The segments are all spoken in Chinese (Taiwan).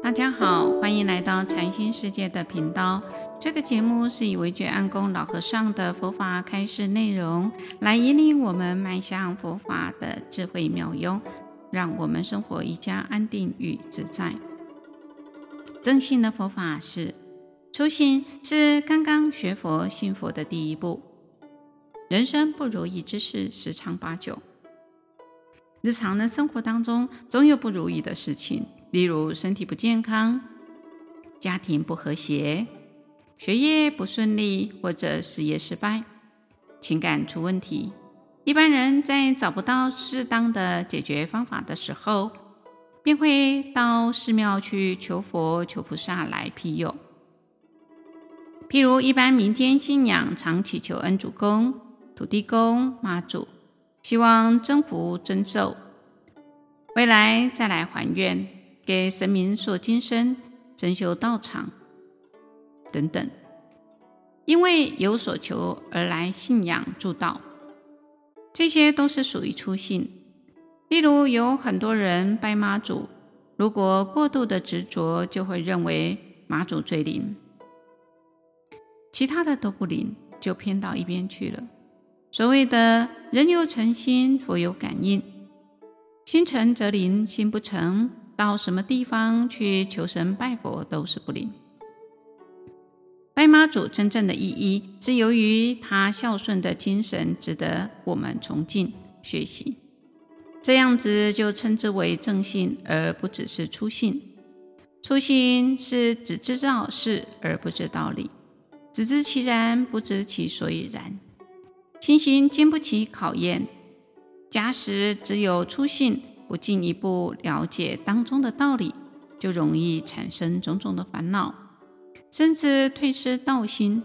大家好，歡迎來到禪心世界的頻道。這個節目是以惟覺安公老和尚的佛法開示內容，來引領我們邁向佛法的智慧妙用，讓我們生活愈加安定與自在。正信的佛法是初信，是剛剛學佛信佛的第一步。人生不如意之事十常八九，日常的生活當中總有不如意的事情。例如身體不健康、家庭不和諧、學業不順利或者事業失敗、情感出問題，一般人在找不到適當的解決方法的時候，便會到寺廟去求佛、求菩薩來庇佑。譬如一般民間信仰常祈求恩主公、土地公、媽祖，希望增福增壽，未來再來還願。給神明塑金身，增修道場等等，因為有所求而來信仰祝禱，這些都是屬於初信。例如有很多人拜媽祖，如果過度的執着，就會認為媽祖最靈，其他的都不靈，就偏到一邊去了。所謂的人有誠心，佛有感應，心誠則靈，心不誠，到什麼地方去求神拜佛都是不靈。拜媽祖真正的意義，是由於他孝順的精神值得我們崇敬學習，這樣子就稱之為正信，而不只是初信。初信是只知道事而不知道理，只知其然，不知其所以然，信心經不起考驗。假使只有初信。不進一步了解當中的道理，就容易產生種種的煩惱，甚至退失道心。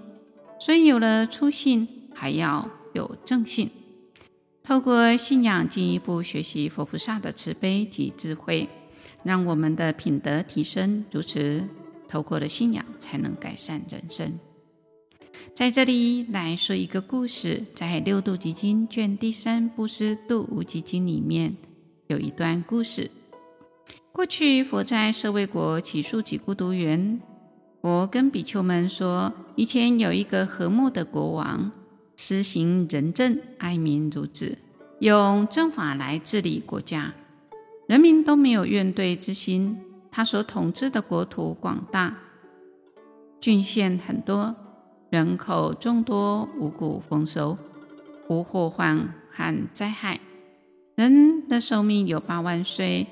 所以，有了初信，還要有正信。透過信仰進一步學習佛菩薩的慈悲及智慧，讓我們的品德提升。如此，透過了信仰才能改善人生。在這裡來說一個故事，在《六度集經》卷第三《布施度無極經》裡面。有一段故事，過去佛在舍衛國祇樹給孤獨園。佛跟比丘們說：以前有一個和默的國王，施行仁政，愛民如子，用正法來治理國家，人民都沒有怨懟之心。他所統治的國土廣大，郡縣很多，人口眾多，五穀豐收，無禍患和災害。人的壽命有八萬歲。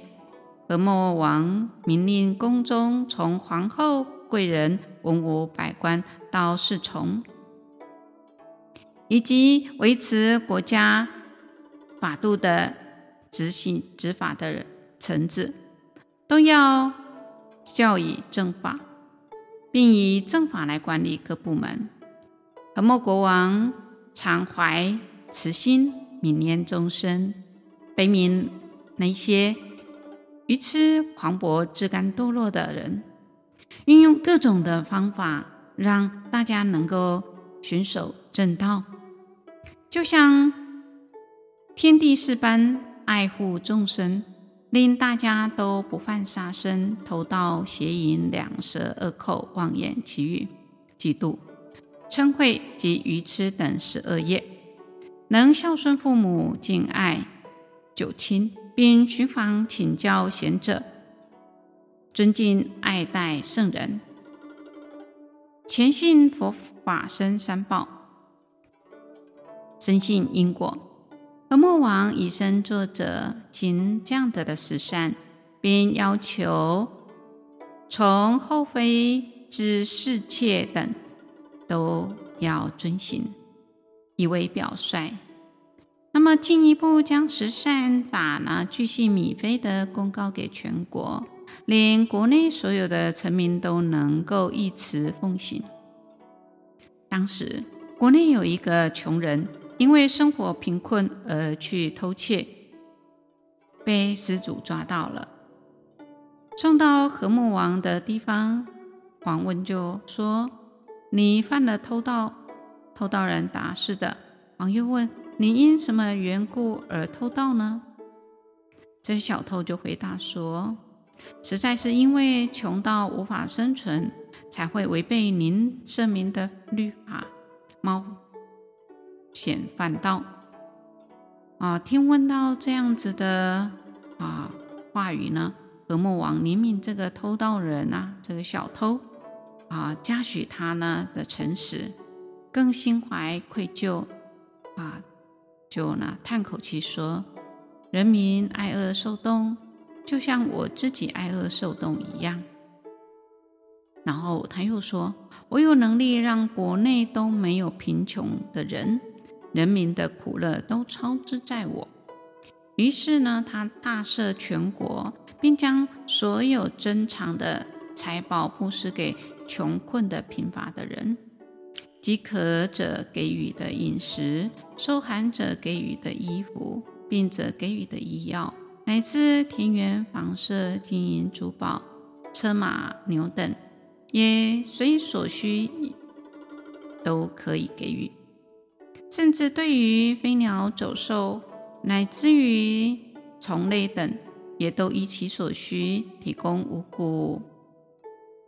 和默王明令宮中，從皇後、貴人、文武百官到侍從，以及維持國家法度的執行執法的臣子，都要教以正法，並以正法來管理各部門。和默國王常懷慈心，愍念眾生。悲憫那些愚癡狂悖、自甘墮落的人，運用各種的方法，讓大家能夠循守正道，就像天帝釋般愛護眾生，令大家都不犯殺生、偷盜、邪淫、兩舌、惡口、妄言、綺語、嫉妒、嗔恚及愚癡等十惡業，能孝順父母、敬愛九親，並尋訪請教賢者，尊敬愛戴聖人，虔信佛、法、僧三寶，深信因果。和默王以身作則，行這樣的的十善，並要求從後妃至侍妾等，都要遵行，以為表率。那麼進一步將十善法呢，鉅細靡遺的公告給全國，令國內所有的臣民都能夠憶持奉行。當時國內有一個窮人，因為生活貧困而去偷竊，被失主抓到了，送到和默王的地方。王問就說：“你犯了偷盜。”偷盜人答：“是的。”王又問。你因什麼緣故而偷盜呢？這小偷就回答說：“實在是因為窮到無法生存，才會違背您聖明的律法，冒險犯盜。”啊，聽聞到這樣子的啊話語呢，和默王憐憫這個偷盜人啊，這個小偷啊，嘉許他呢的誠實，更心懷愧疚啊。就那嘆口氣說：“人民挨餓受凍，就像我自己挨餓受凍一樣。”然後他又說：“我有能力讓國內都沒有貧窮的人，人民的苦樂都操之在我。”於是呢，他大赦全國，並將所有珍藏的財寶布施給窮困的貧乏的人。饑渴者給予的飲食，受寒者給予的衣服，病者給予的醫藥，乃至田園房舍、金銀珠寶、車馬牛等，也隨所需都可以給予。甚至對於飛鳥走獸，乃至於蟲類等，也都依其所需提供五穀、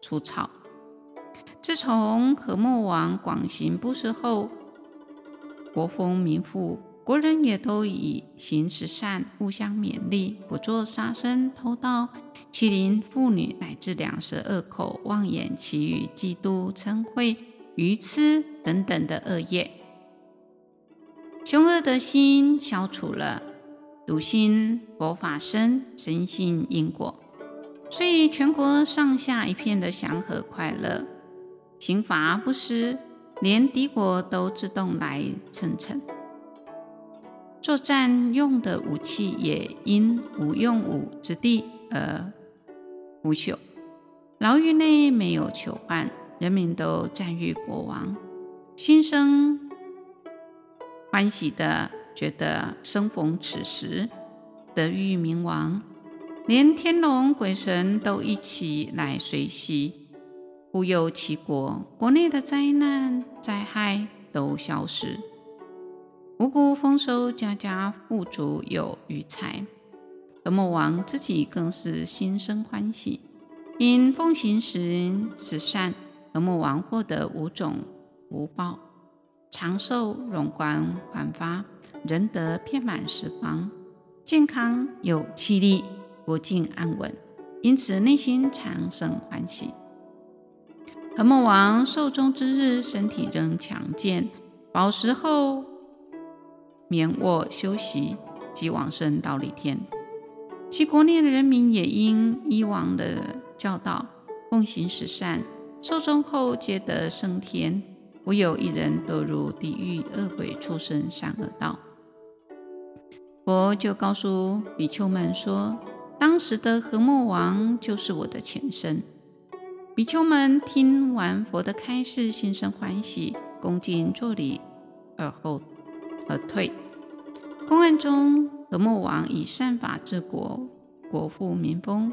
芻草。自從和默王廣行布施後，國豐民富，國人也都以行十善，互相勉勵，不做殺生、偷盜、欺凌婦女，乃至兩舌、惡口、妄言、綺語、嫉妒、嗔恚、愚癡等等的惡業。凶惡的心消除了，篤信佛、法、僧，深信因果，所以全國上下一片的祥和快樂。刑罰不施，連敵國都自動來稱臣。作戰用的武器也因無用武之地而腐朽。牢獄內沒有囚犯，人民都讚譽國王。心生歡喜的覺得生逢此時，得遇明王，連天龍鬼神都一起來隨喜。護祐其國，國內的災難、災害都消失，五穀豐收，家家富足有餘財。和默王自己更是心生歡喜，因奉行十人十善，和默王獲得五種福報：長壽、容光、煥發、仁德遍滿十方、健康有氣力、國境安穩，因此內心常生歡喜。何末王壽終之日，身體仍強健，飽食後眠臥休息，即往生忉利天。其國內的人民也因依王的教導，奉行十善，壽終後皆得升天，無有一人墮入地獄、惡鬼、畜生三惡道。佛就告訴比丘們說，當時的和默王就是我的前身。比丘們聽完佛的開示，心生歡喜，恭敬作禮，而後而退。公案中，和默王以善法治國，國富民豐，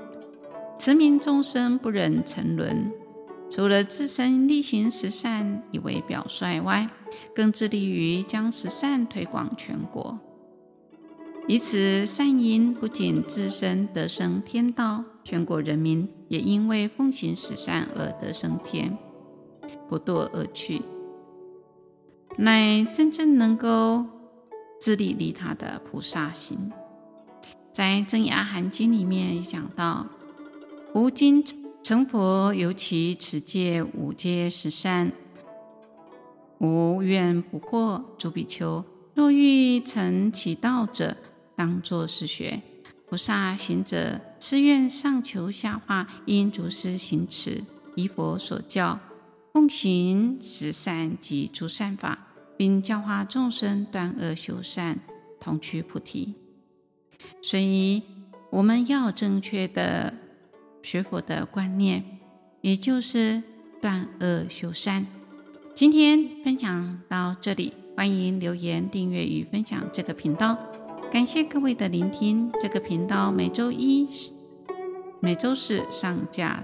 慈憫眾生不忍沉淪。除了自身力行十善以為表率外，更致力於將十善推廣全國。以此善因，不僅自身得生天道，全國人民也因為奉行十善而得生天，不墮惡趣，乃真正能夠自利利他的菩薩行。在《真言含經》裡面講到：吾今成佛，尤其此界五階十善，無怨不惑。諸比丘，若欲成其道者，當作是學，菩薩行者誓願上求下化，亦應如是行持，依佛所教，奉行十善及諸善法，並教化眾生斷惡修善，同趨菩提。所以，我們要正確的學佛的觀念，也就是斷惡修善。今天分享到這裡，歡迎留言、訂閱與分享這個頻道。感謝各位的聆聽，這個頻道每周一、每周四上架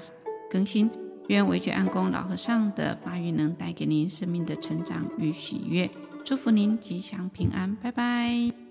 更新。願惟覺安公老和尚的法語能帶給您生命的成長與喜悅，祝福您吉祥平安，拜拜。